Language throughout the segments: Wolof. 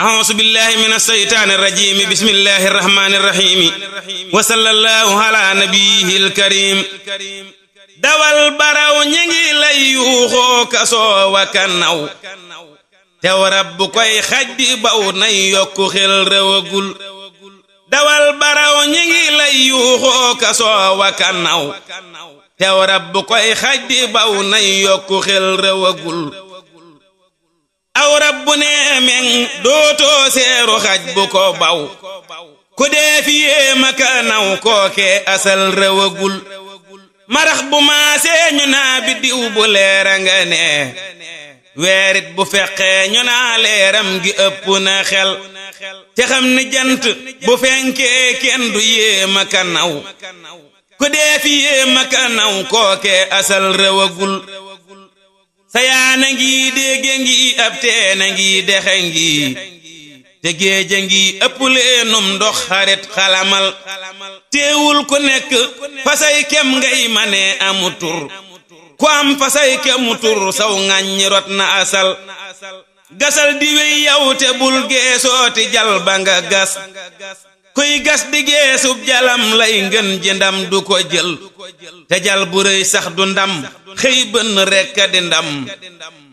أعوذ بالله من الشيطان الرجيم بسم الله الرحمن الرحيم وصلى الله على نبيه الكريم dawal baraw ñi ngi lay yuuxoo kasoo wa kanaw tew rab bu koy xaj di baw nay yokku xel rewagul dawal baraw ñi ngi lay yuuxoo kasoo wa kanaw tew rab bu koy xaj di baw nay yokku xel rewagul aw rabbu nee meŋ dootoo seeru xaj bu ko baw ku dee fi asal rëwagul marax bu maasee ñu naa biddiw bu leera nga nee weerit bu feqee ñu naa leeram gi ëpp na xel te xam ni jant bu fenkee kenn du yee naw ku dee fi yee maka naw kooke asal rëwagul sayaana ngi dégge ngi ab teena ngi dexe ngi te géeja ngi ëpp leenum ndox xarit xalamal teewul ku nekk fasay kem ngay mane amu tur ku am fasay kemu tur saw ŋàññi rot na asal gasal di wey te bul geesooti jal nga gas kuy gas di geesub jalam lay ngën jëndam du ko jël te jal bu rëy sax du ndam xëy bënn rekk di ndam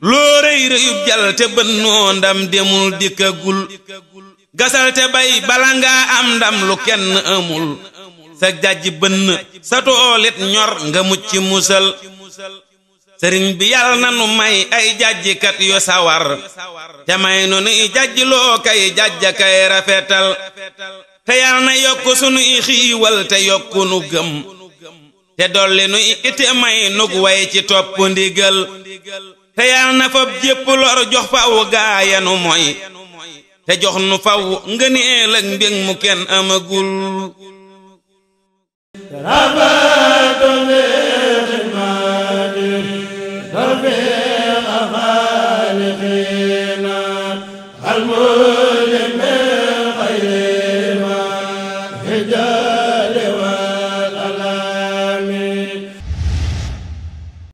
loo rëy rëyub jal te bënnoo ndam demul dikkagul gasal te bay bala ngaa am ndam lu kenn amul sa jajj bënn sa toolit ñor nga mucc musal sëriñ bi yàlla na nu may ay jajjikat yu sawar te may nu nuy jajjloo kay jajja kay rafetal te yàlla na yokk sunuy xiiwal te yokk nu gëm te dolli nu ite may nug way ci topp ndigal te yal na fab jépp lor jox faw gaayanu moy te jox nu faw ngëneel ak mbég mu kenn amagul almul